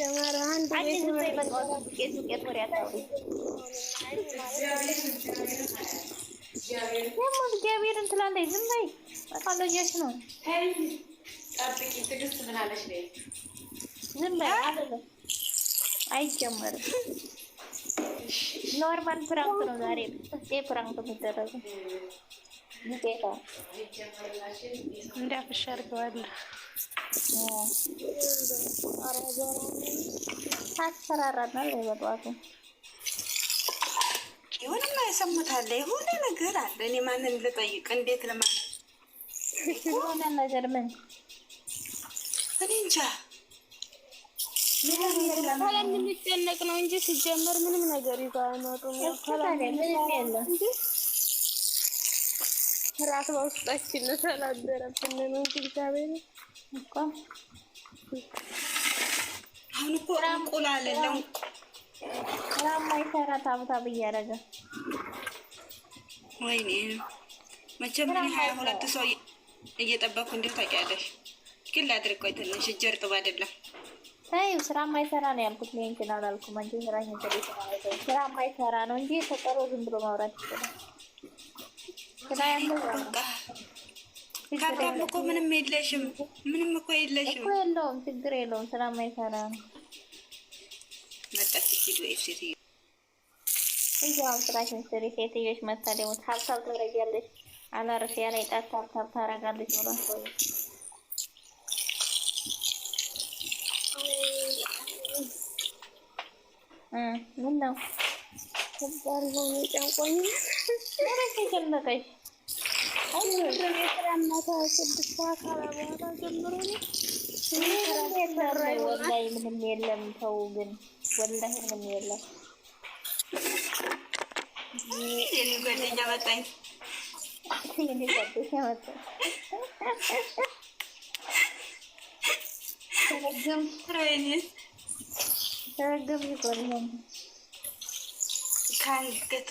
እግዚአብሔርን ትላለች። ዝም በይ በቃ እያልሽ ነው። ጠብቂ። ትዕግስት ምን አለሽ? ዝም በይ አይጀመርም። ኖርማል ፕራንክ ነው ዛሬ ፕራንክ የሚደረገው። እንዳፍሽ አድርገዋለሁ ታስፈራራናል። በጠዋቱ ይሁንማ የሰሙታለ የሆነ ነገር አለ። እኔ ማንን ልጠይቅ? እንዴት ለማን የሆነ ነገር ምን እኔ እንጃ የምንጨነቅ ነው እንጂ ሲጀመር ምንም ነገር ይዞ አይመጡም። ራት በውስጣችን ስላደረብን እግዚአብሔር አሁን እኮ እንቁላል ስራማ ይሰራ ታብታብ እያደረገ ወይኔ መቼም እኔ ሀያ ሁለት ሰው እየጠበኩ እንዴት ታውቂያለሽ? ግን ላድርግ ቆይ ትንሽ እጄ እርጥብ አይደለም። ተይው ስራ ማይሰራ ነው ያልኩት። እኔ እንትን አላልኩም። አንቺ ስራ ስራ ነው እንጂ ተጠሮ ዝም ብሎ ማውራት ይችላል። ስራ ያለው ካብታም እኮ ምንም የለሽም፣ ምንም እኮ የለሽም እኮ የለውም። ችግር የለውም። ማይሰራ ነው መጣት ሲዱ ኤፍሲቲ እዛም ስራሽን ስሪ። ሴትዮሽ መታደሙ ታብታብ ታረጋለሽ። አናርፍ ያለ ይጣት ታብታብ ታረጋለሽ ብሎ ምን ነው ከባድ ነው ጨንቆኝ። ኧረ ተጨነቀሽ ወላሂ ምንም የለም። ተው ግን ወላሂ ምንም የለም። የእኔ ጓደኛ መጣኝ። ከአንገት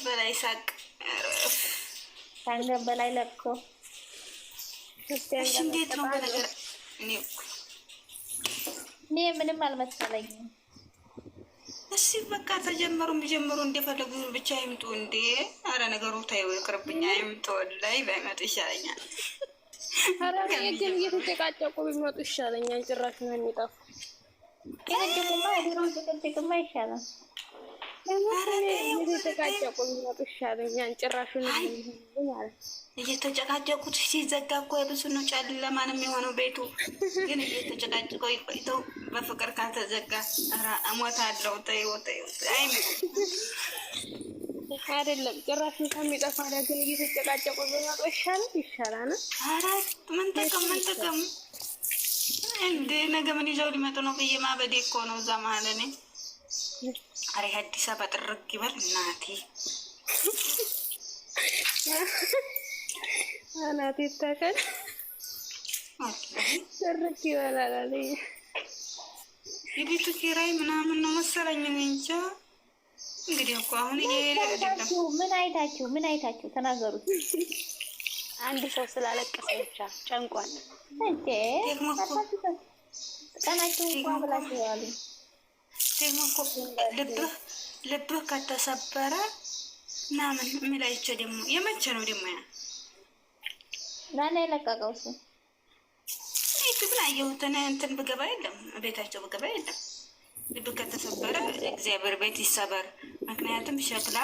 በላይ ሳቅ ከአንገት በላይ ለኮ እንዴት ነው? በነገር እኔ ምንም አልመሰለኝም። እሺ በቃ ተጀመሩ የሚጀምሩ እንደፈለጉ ብቻ ይምጡ እንዴ! አረ ነገሩ ታይው ይቅርብኛ። ይምጡ ላይ ባይመጡ ይሻለኛል። አረ ግን እየተጨቃጨቁ ቢመጡ ይሻለኛል። ጭራሽ ነው የሚጠፉ። ግን ደግሞ ማ ጭቅጭቅማ ይሻላል። እየተጨቃጨቁ የሚመጡ ይሻለኛል። ጭራሹን እየተጨቃጨቁት ሲዘጋ እኮ ብዙ ነው፣ ጨለማ ነው ቤቱ። ግን እየተጨቃጨቀው ይቆይተው በፍቅር ካልተዘጋ እሞታለሁ። ተይው ተይው፣ አይደለም ጭራሹን ከሚጠፋ ግን እየተጨቃጨቁ የሚመጡ ይሻላል ይሻላል። አራት ምን ጥቅም ምን ጥቅም እንዴ! ነገ ምን ይዘው ሊመጡ ነው ብዬ ማበዴ እኮ ነው እዛ መሀል እኔ አሬ አዲስ አበባ ጥርግ ይበል እናቴ እናቴ ታከል ጥርግ ይበላል አለ። የቤቱ ኪራይ ምናምን ነው መሰለኝ እንጃ። እንግዲህ እኮ አሁን ምን አይታችሁ ምን አይታችሁ ተናገሩት። አንድ ሰው ስላለቀሰ ብቻ ጨንቋል እንዴ? እንኳን ልብህ ልብህ ከተሰበረ ምናምን የሚላይቸ ደግሞ የመቼ ነው ደግሞ ያ ማን የለቀቀው? እሱ ዩቱብን አየሁትን እንትን ብገባ የለም ቤታቸው ብገባ የለም። ልብህ ከተሰበረ እግዚአብሔር ቤት ይሰበር። ምክንያቱም ሸክላ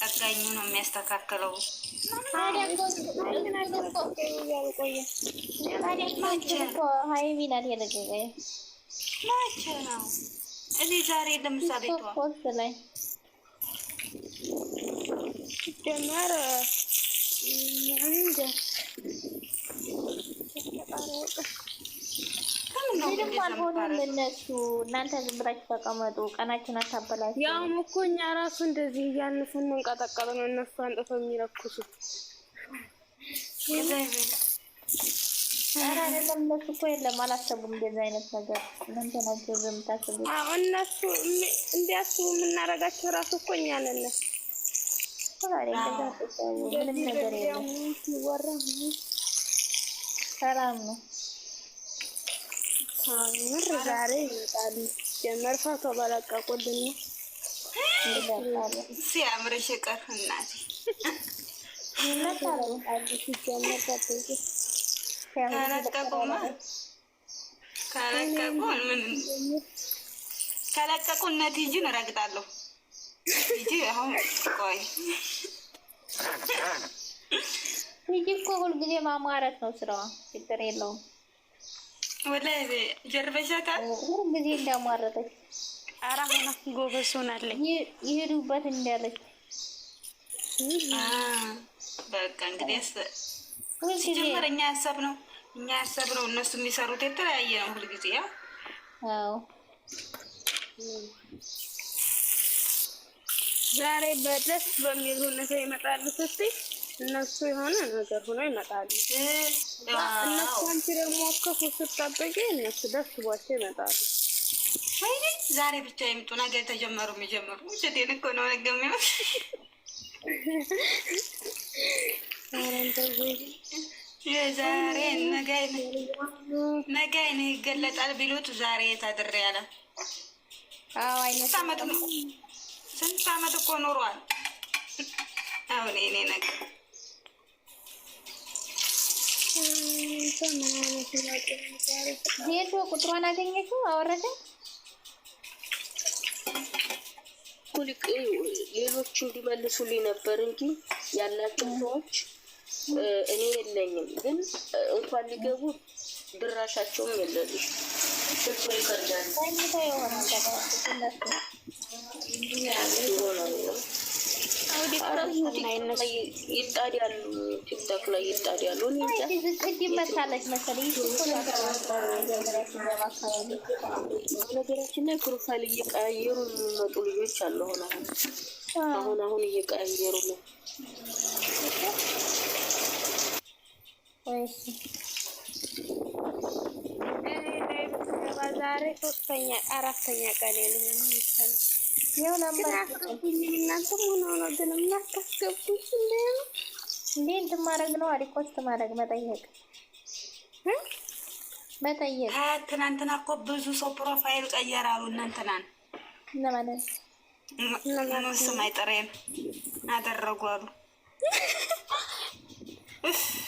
ጠጋኙ ነው የሚያስተካክለው። መቼ ነው እኔ ዛሬ ለምሳሌ ኮርስ ላይ ጀመር እንደ ምንም አልሆነም። እነሱ እናንተ ዝም ብላችሁ ተቀመጡ፣ ቀናችን አታበላችሁ። ያውም እኮ እኛ ራሱ እንደዚህ እያልን ስንንቀጠቀጥ ነው እነሱ አንጥቶ የሚለኩሱት። አይደለም እነሱ እኮ የለም አላሰቡም። እንደዚህ አይነት ነገር እናንተ ናቸው የምታስቡ። እነሱ እንዲያስቡ የምናደርጋቸው ራሱ እኮ እኛ ነን። ምንም ነገር የለም። ሰላም ነው። ምር ዛሬ ይመጣሉ ጀመር ፋቶ ባላቀቁልን ሲያምርሽ ቀር እናት ይመጣሉ ሲጀመር ከለቀቁ ምን ከለቀቁ እነ ቲጂን እረግጣለሁ። ቲጂ አሁን ቆይ ቲጂ እኮ ሁልጊዜ ማማረት ነው ስራዋ፣ ችግር የለውም። ወላሂ ጀርበሻታል ሁልጊዜ እንዳማረጠች ኧረ አሁን ጎበዝ ሆናለች። ይሄዱበት እንዳለች በቃ እንግዲህ ሲጀመር እኛ ያሰብነው እኛ ያሰብነው እነሱ የሚሰሩት የተለያየ ነው። ሁልጊዜ ያው ዛሬ በደስ በሚል ሁኔታ ይመጣሉ ስትይ እነሱ የሆነ ነገር ሆኖ ይመጣሉ። እነሱ አንቺ ደግሞ ክፉ ስጠብቂ እነሱ ደስ ብሏቸው ይመጣሉ። ወይኔ ዛሬ ብቻ የምጡ ነገር ተጀመሩ የሚጀምሩ ውሸቴን እኮ ነው ነገ የሚሆን የዛሬ ነገ ይገለጣል ቢሉት ዛሬ ታድሬ ያለ ስንት አመት እኮ ኑሯል። አሁን ቤቱ ቁጥሯን አገኘችው አወረደ። ሌሎቹ እንዲመልሱልኝ ነበር እንጂ ያላቸው ሰዎች እኔ የለኝም፣ ግን እንኳን ሊገቡ ድራሻቸውም የለልሽ ይጣዳሉ፣ ቲክታክ ላይ ይጣዳሉ። በነገራችን ላይ ፕሮፋይል እየቀያየሩ የሚመጡ ልጆች አሉ። አሁን አሁን አሁን እየቀያየሩ ነው። ዛሬ ሶስተኛ አራተኛ ቀን ትማረግ ነው አሪኮች ትማረግ መጠየቅ መጠየቅ ትናንትና እኮ ብዙ ሰው ፕሮፋይል ቀየራሉ። እናንትናን ለማለት ስም አይጠሬም አደረጉ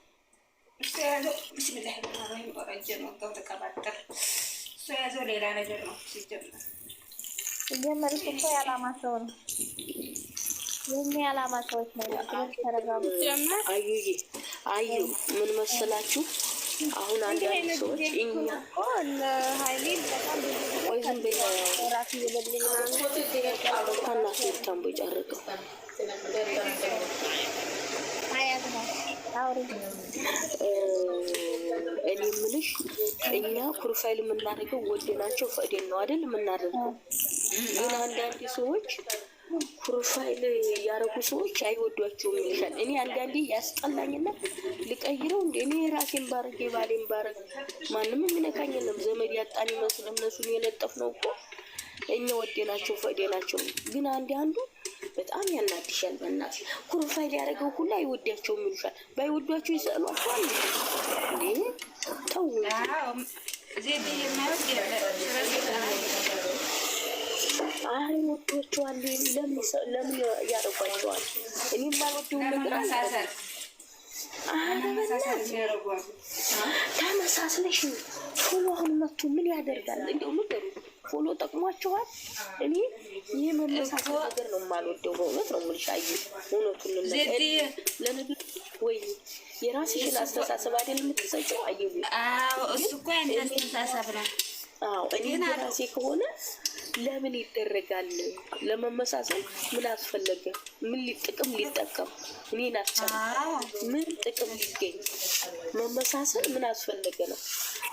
እሱ የያዘው ብስሚላህ ራህማን ወረጀ ነው ገው ተቀባጠር እሱ የያዘው ሌላ ነገር ነው። ሲጀመር ሲጀመር እኮ የዓላማ ሰው ነው። የእኛ የዓላማ ሰዎች ነው። ተረጋጉ። አዩ ምን መሰላችሁ አሁን አንዳንድ ሰዎች እኛ ቆይ ዝም ብለው እኔ የምልሽ እኛ ፕሮፋይል የምናደርገው ወደናቸው ፈቅደን ነው አይደል የምናደርገው። ግን አንዳንድ ሰዎች ፕሮፋይል ያደረጉ ሰዎች አይወዷቸውም ይልሻል። እኔ አንዳንዴ ያስጠላኝና ልቀይረው እንደ እኔ ራሴን ባረግ የባሌን ባረግ ማንም የሚነካኝ የለም። ዘመድ ያጣን ይመስል እነሱን የለጠፍ ነው እኮ እኛ ወደናቸው ፈቅደናቸው። ግን አንድ አንዱ በጣም ያናድሻል። በእናት ፕሮፋይል ያደረገው ሁሉ አይወዳቸውም ይሉሻል። ባይወዷቸው ይሰሏቸዋል። እንዴ ተው አይ ወዷቸዋል። ለምን ያደርጓቸዋል? እኔም ባልወደው ነገር ተመሳስለሽ ነው ፎሎ አሁን መቶ ምን ያደርጋል? እንደው ምገሩ ፎሎ ጠቅሟቸዋል። እኔ ይህ መመሳሰል ነገር ነው የማልወደው። በእውነት ነው ሙልሻይ፣ እውነቱን ለነገር ወይ የራስሽን አስተሳሰብ አይደል የምትሰጪው? አየሁ እሱ እኮ ያን አስተሳሰብ ነው አዎ እኔ ራሴ ከሆነ ለምን ይደረጋል? ለመመሳሰል ምን አስፈለገ? ምን ጥቅም ሊጠቀም እኔ ናቸው ምን ጥቅም ሊገኝ መመሳሰል ምን አስፈለገ ነው።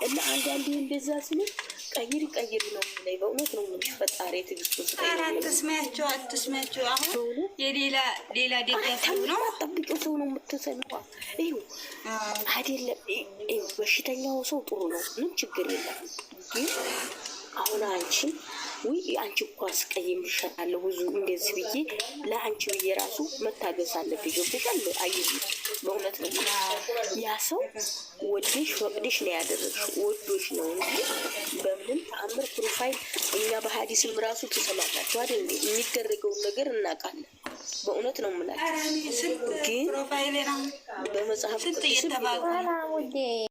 እና አንዳንዴ እንደዛ ስንል ቀይር ቀይር ነው ላይ በእውነት ነው ምን ፈጣሪ ትግስቱ አትስሚያቸው፣ አትስሚያቸው። አሁን የሌላ ሌላ ደጋፊ ነው ጠብቂው ሰው ነው የምትሰሚዋ። ይሁ አይደለም በሽተኛው ሰው ጥሩ ነው፣ ምን ችግር የለም ግን አሁን አንቺ ውይ አንቺ እኮ አስቀይምሻለሁ ብዙ እንደዚህ ብዬ ለአንቺ ብዬ ራሱ መታገስ አለብኝ። ገብቶሻል? አይ በእውነት ነው ያ ሰው ወደሽ ፈቅደሽ ነው ያደረግሽው፣ ወዶሽ ነው እንጂ በምንም ተአምር ፕሮፋይል እኛ በሀዲስም ራሱ ትሰማላችሁ አይደል? የሚደረገውን ነገር እናውቃለን። በእውነት ነው የምላችሁ ግን በመጽሐፍ ቅዱስ